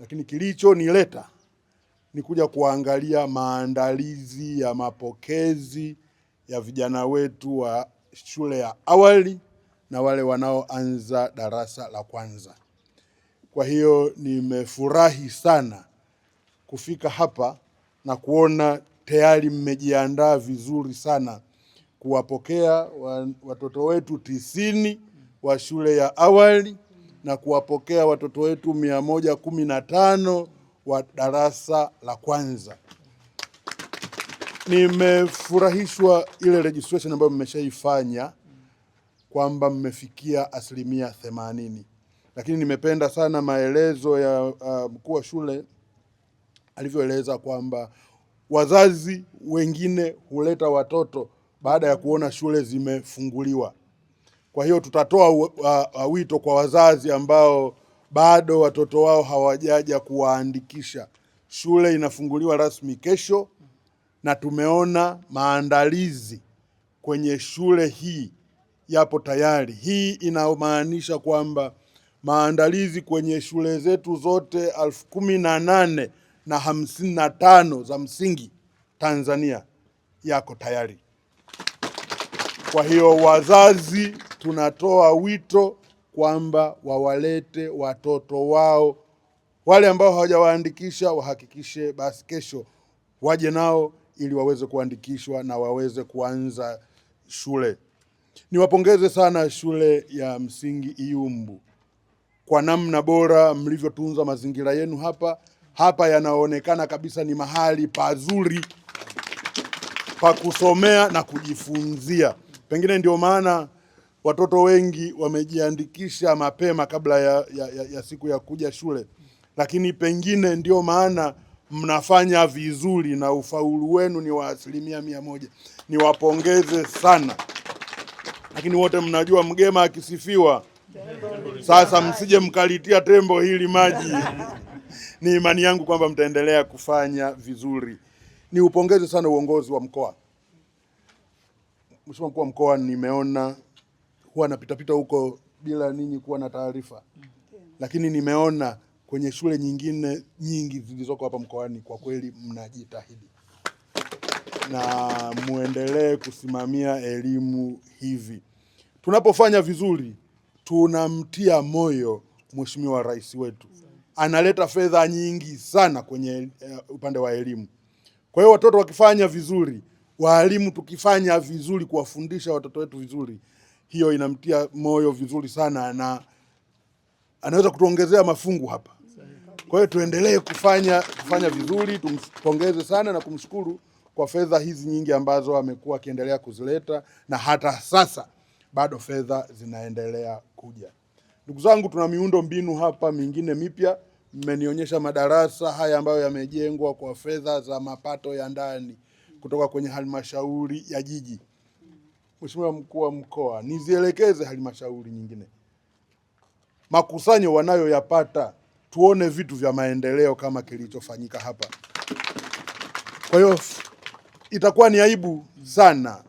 lakini kilichonileta ni kuja kuangalia maandalizi ya mapokezi ya vijana wetu wa shule ya awali na wale wanaoanza darasa la kwanza. Kwa hiyo nimefurahi sana kufika hapa na kuona tayari mmejiandaa vizuri sana kuwapokea watoto wetu tisini wa shule ya awali na kuwapokea watoto wetu mia moja kumi na tano wa darasa la kwanza. Nimefurahishwa ile registration ambayo mmeshaifanya kwamba mmefikia asilimia themanini, lakini nimependa sana maelezo ya uh, mkuu wa shule alivyoeleza kwamba wazazi wengine huleta watoto baada ya kuona shule zimefunguliwa. Kwa hiyo tutatoa wito kwa wazazi ambao bado watoto wao hawajaja kuwaandikisha. Shule inafunguliwa rasmi kesho, na tumeona maandalizi kwenye shule hii yapo tayari. Hii inamaanisha kwamba maandalizi kwenye shule zetu zote elfu kumi na nane na hamsini na tano za msingi Tanzania yako tayari. Kwa hiyo wazazi tunatoa wito kwamba wawalete watoto wao, wale ambao hawajawaandikisha wahakikishe basi kesho waje nao ili waweze kuandikishwa na waweze kuanza shule. Niwapongeze sana shule ya msingi Iyumbu kwa namna bora mlivyotunza mazingira yenu hapa hapa. Yanaonekana kabisa ni mahali pazuri pa kusomea na kujifunzia, pengine ndio maana watoto wengi wamejiandikisha mapema kabla ya, ya, ya, ya siku ya kuja shule, lakini pengine ndio maana mnafanya vizuri na ufaulu wenu ni wa asilimia mia moja. Niwapongeze sana, lakini wote mnajua mgema akisifiwa. Sasa msije mkalitia tembo hili maji. Ni imani yangu kwamba mtaendelea kufanya vizuri. ni upongeze sana uongozi wa mkoa, Mheshimiwa mkuu wa mkoa, nimeona huwa napitapita huko bila ninyi kuwa na taarifa, lakini nimeona kwenye shule nyingine nyingi zilizoko hapa mkoani, kwa kweli mnajitahidi na muendelee kusimamia elimu hivi. Tunapofanya vizuri, tunamtia moyo Mheshimiwa Rais wetu, analeta fedha nyingi sana kwenye uh, upande wa elimu. Kwa hiyo watoto wakifanya vizuri, waalimu tukifanya vizuri kuwafundisha watoto wetu vizuri hiyo inamtia moyo vizuri sana na anaweza kutuongezea mafungu hapa. Kwa hiyo tuendelee kufanya kufanya vizuri, tumpongeze sana na kumshukuru kwa fedha hizi nyingi ambazo amekuwa akiendelea kuzileta na hata sasa bado fedha zinaendelea kuja. Ndugu zangu, tuna miundo mbinu hapa mingine mipya. Mmenionyesha madarasa haya ambayo yamejengwa kwa fedha za mapato ya ndani kutoka kwenye halmashauri ya jiji. Mheshimiwa mkuu wa mkoa, nizielekeze halmashauri nyingine, makusanyo wanayoyapata tuone vitu vya maendeleo kama kilichofanyika hapa. Kwa hiyo itakuwa ni aibu sana,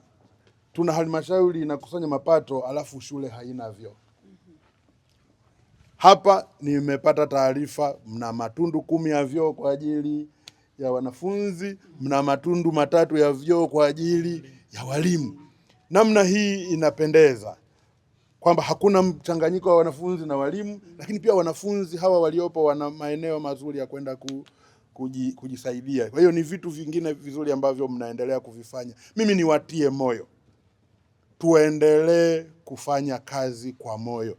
tuna halmashauri inakusanya mapato alafu shule haina vyoo. Hapa nimepata taarifa mna matundu kumi ya vyoo kwa ajili ya wanafunzi, mna matundu matatu ya vyoo kwa ajili ya walimu namna hii inapendeza kwamba hakuna mchanganyiko wa wanafunzi na walimu Lakini pia wanafunzi hawa waliopo wana maeneo mazuri ya kwenda ku, kuji, kujisaidia. Kwa hiyo ni vitu vingine vizuri ambavyo mnaendelea kuvifanya. Mimi niwatie moyo, tuendelee kufanya kazi kwa moyo.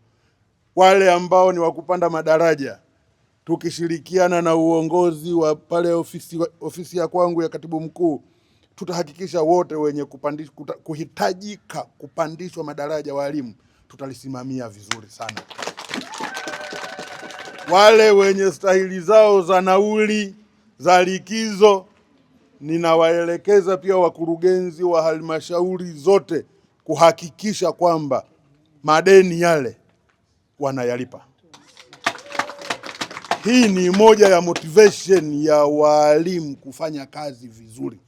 Wale ambao ni wakupanda madaraja, tukishirikiana na uongozi wa pale ofisi, ofisi ya kwangu ya katibu mkuu tutahakikisha wote wenye kuta, kuhitajika kupandishwa madaraja walimu tutalisimamia vizuri sana. Wale wenye stahili zao za nauli za likizo, ninawaelekeza pia wakurugenzi wa halmashauri zote kuhakikisha kwamba madeni yale wanayalipa. Hii ni moja ya motivation ya walimu kufanya kazi vizuri.